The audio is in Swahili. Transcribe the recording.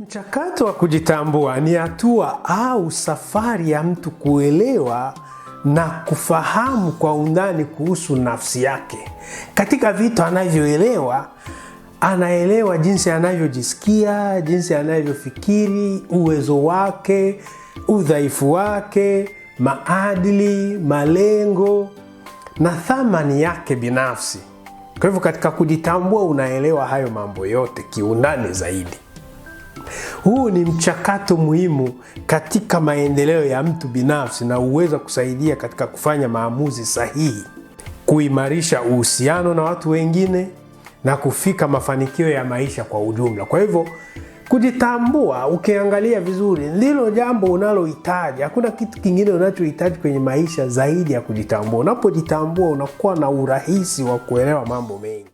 Mchakato wa kujitambua ni hatua au safari ya mtu kuelewa na kufahamu kwa undani kuhusu nafsi yake. Katika vitu anavyoelewa, anaelewa jinsi anavyojisikia, jinsi anavyofikiri, uwezo wake, udhaifu wake, maadili, malengo na thamani yake binafsi. Kwa hivyo, katika kujitambua, unaelewa hayo mambo yote kiundani zaidi. Huu ni mchakato muhimu katika maendeleo ya mtu binafsi na huweza kusaidia katika kufanya maamuzi sahihi, kuimarisha uhusiano na watu wengine na kufika mafanikio ya maisha kwa ujumla. Kwa hivyo kujitambua, ukiangalia vizuri, ndilo jambo unalohitaji. Hakuna kitu kingine unachohitaji kwenye maisha zaidi ya kujitambua. Unapojitambua, unakuwa na urahisi wa kuelewa mambo mengi.